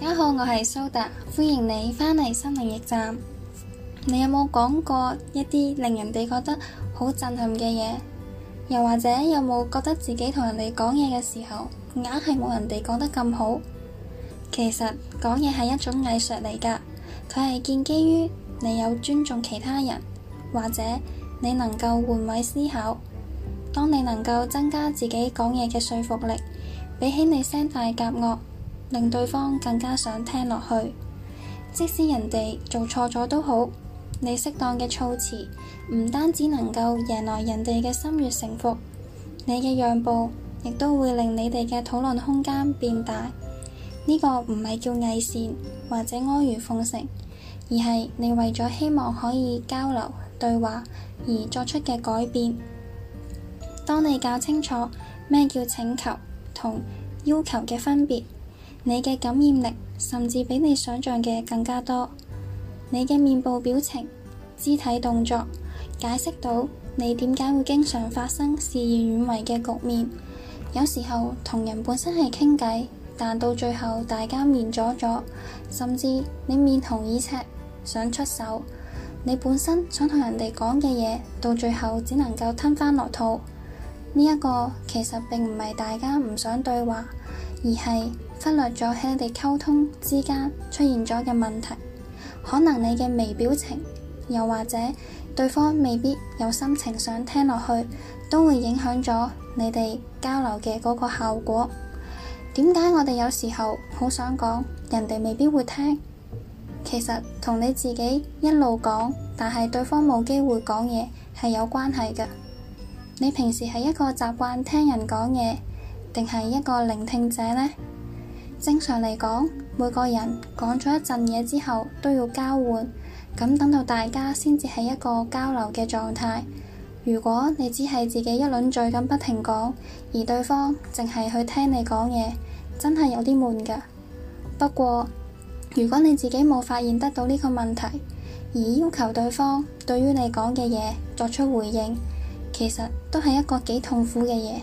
大家好，我係蘇達，歡迎你返嚟心靈驛站。你有冇講過一啲令人哋覺得好震撼嘅嘢？又或者有冇覺得自己同人哋講嘢嘅時候，硬係冇人哋講得咁好？其實講嘢係一種藝術嚟噶，佢係建基於你有尊重其他人，或者你能夠換位思考。當你能夠增加自己講嘢嘅說服力，比起你聲大夾惡。令對方更加想聽落去，即使人哋做錯咗都好，你適當嘅措辭唔單止能夠贏來人哋嘅心悅誠服，你嘅讓步亦都會令你哋嘅討論空間變大。呢、這個唔係叫偽善或者阿諛奉承，而係你為咗希望可以交流對話而作出嘅改變。當你搞清楚咩叫請求同要求嘅分別。你嘅感染力甚至比你想象嘅更加多。你嘅面部表情、肢體動作，解釋到你點解會經常發生事與願違嘅局面。有時候同人本身係傾偈，但到最後大家面咗咗，甚至你面紅耳赤想出手，你本身想同人哋講嘅嘢，到最後只能夠吞翻落肚。呢一個其實並唔係大家唔想對話。而係忽略咗喺你哋溝通之間出現咗嘅問題，可能你嘅微表情，又或者對方未必有心情想聽落去，都會影響咗你哋交流嘅嗰個效果。點解我哋有時候好想講，人哋未必會聽？其實同你自己一路講，但係對方冇機會講嘢，係有關係嘅。你平時係一個習慣聽人講嘢，定係一個聆聽者呢？正常嚟講，每個人講咗一陣嘢之後都要交換，咁等到大家先至係一個交流嘅狀態。如果你只係自己一輪嘴咁不停講，而對方淨係去聽你講嘢，真係有啲悶㗎。不過如果你自己冇發現得到呢個問題，而要求對方對於你講嘅嘢作出回應，其實都係一個幾痛苦嘅嘢，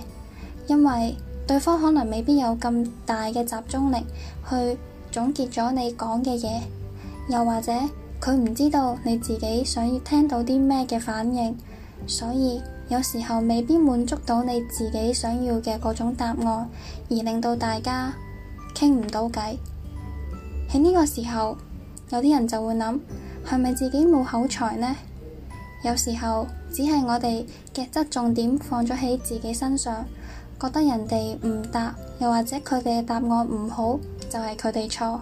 因為，對方可能未必有咁大嘅集中力去總結咗你講嘅嘢，又或者佢唔知道你自己想要聽到啲咩嘅反應，所以有時候未必滿足到你自己想要嘅嗰種答案，而令到大家傾唔到偈。喺呢個時候，有啲人就會諗係咪自己冇口才呢？有時候只係我哋嘅側重點放咗喺自己身上。覺得人哋唔答，又或者佢哋嘅答案唔好，就係佢哋錯。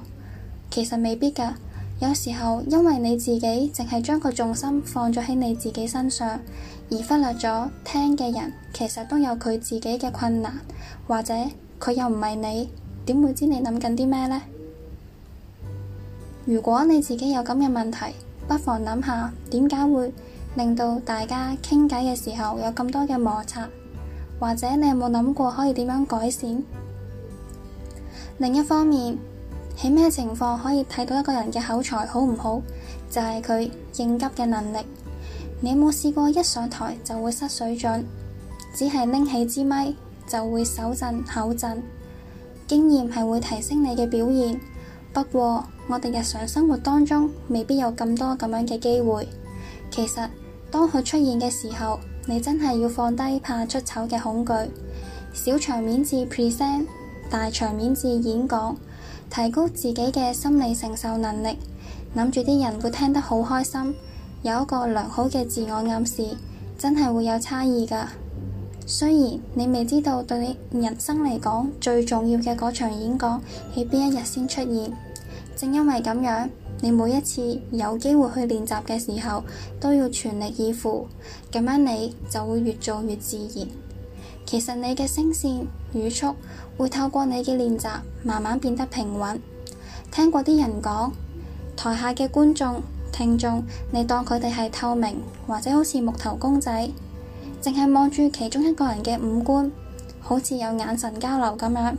其實未必噶，有時候因為你自己淨係將個重心放咗喺你自己身上，而忽略咗聽嘅人，其實都有佢自己嘅困難，或者佢又唔係你，點會知你諗緊啲咩呢？如果你自己有咁嘅問題，不妨諗下點解會令到大家傾偈嘅時候有咁多嘅摩擦。或者你有冇諗過可以點樣改善？另一方面，喺咩情況可以睇到一個人嘅口才好唔好？就係佢應急嘅能力。你有冇試過一上台就會失水準，只係拎起支咪就會手震口震？經驗係會提升你嘅表現。不過我哋日常生活當中未必有咁多咁樣嘅機會。其實當佢出現嘅時候。你真係要放低怕出醜嘅恐懼，小場面至 present，大場面至演講，提高自己嘅心理承受能力，諗住啲人會聽得好開心，有一個良好嘅自我暗示，真係會有差異噶。雖然你未知道對你人生嚟講最重要嘅嗰場演講喺邊一日先出現，正因為咁樣。你每一次有機會去練習嘅時候，都要全力以赴，咁樣你就會越做越自然。其實你嘅聲線語速會透過你嘅練習慢慢變得平穩。聽過啲人講，台下嘅觀眾聽眾，你當佢哋係透明或者好似木頭公仔，淨係望住其中一個人嘅五官，好似有眼神交流咁樣。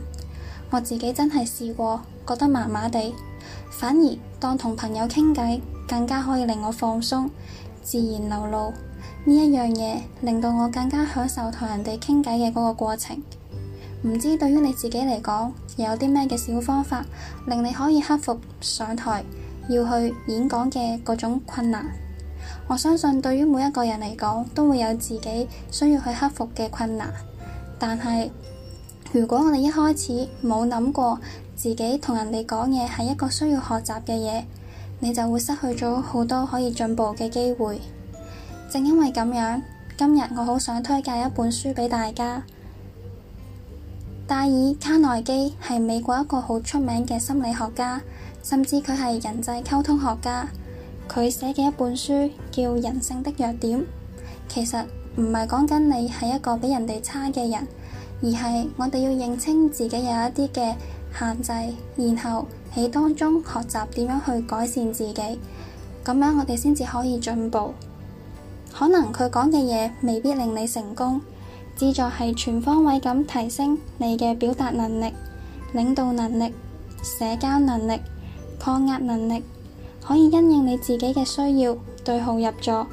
我自己真係試過，覺得麻麻地。反而當同朋友傾偈，更加可以令我放鬆，自然流露。呢一樣嘢令到我更加享受同人哋傾偈嘅嗰個過程。唔知對於你自己嚟講，有啲咩嘅小方法令你可以克服上台要去演講嘅各種困難？我相信對於每一個人嚟講，都會有自己需要去克服嘅困難。但係如果我哋一開始冇諗過。自己同人哋講嘢係一個需要學習嘅嘢，你就會失去咗好多可以進步嘅機會。正因為咁樣，今日我好想推介一本書畀大家。戴爾卡內基係美國一個好出名嘅心理學家，甚至佢係人際溝通學家。佢寫嘅一本書叫《人性的弱點》，其實唔係講緊你係一個比人哋差嘅人，而係我哋要認清自己有一啲嘅。限制，然後喺當中學習點樣去改善自己，咁樣我哋先至可以進步。可能佢講嘅嘢未必令你成功，自助係全方位咁提升你嘅表達能力、領導能力、社交能力、抗壓能力，可以因應你自己嘅需要對號入座，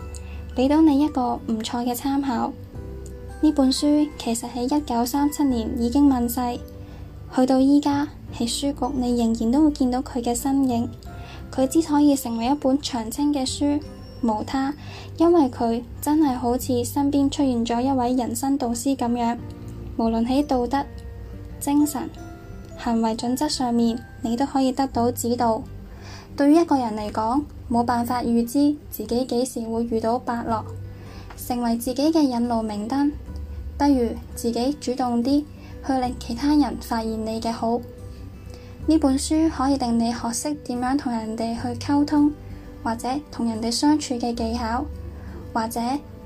俾到你一個唔錯嘅參考。呢本書其實喺一九三七年已經問世。去到依家喺書局，你仍然都會見到佢嘅身影。佢之所以成為一本長青嘅書，無他，因為佢真係好似身邊出現咗一位人生導師咁樣，無論喺道德、精神、行為準則上面，你都可以得到指導。對於一個人嚟講，冇辦法預知自己幾時會遇到伯樂，成為自己嘅引路明燈，不如自己主動啲。去令其他人發現你嘅好，呢本書可以令你學識點樣同人哋去溝通，或者同人哋相處嘅技巧，或者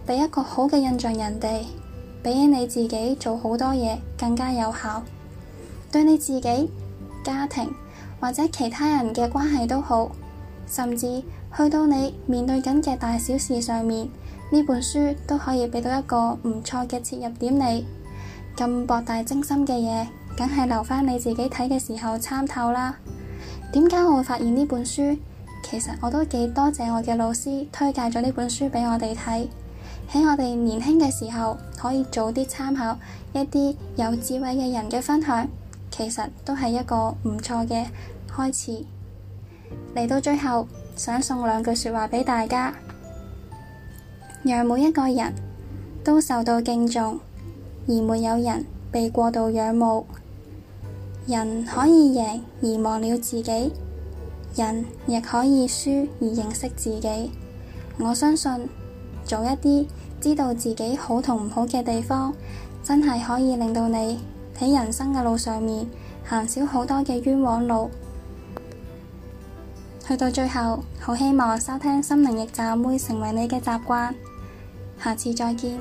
畀一個好嘅印象人哋，比起你自己做好多嘢更加有效。對你自己、家庭或者其他人嘅關係都好，甚至去到你面對緊嘅大小事上面，呢本書都可以畀到一個唔錯嘅切入點你。咁博大精深嘅嘢，梗係留翻你自己睇嘅時候參透啦。點解我會發現呢本書？其實我都幾多謝我嘅老師推介咗呢本書俾我哋睇，喺我哋年輕嘅時候可以早啲參考一啲有智慧嘅人嘅分享，其實都係一個唔錯嘅開始。嚟到最後，想送兩句說話俾大家，讓每一個人都受到敬重，而沒有人被過度仰慕，人可以贏而忘了自己，人亦可以輸而認識自己。我相信早一啲知道自己好同唔好嘅地方，真係可以令到你喺人生嘅路上面行少好多嘅冤枉路。去到最後，好希望收聽心靈驛站會成為你嘅習慣。下次再見。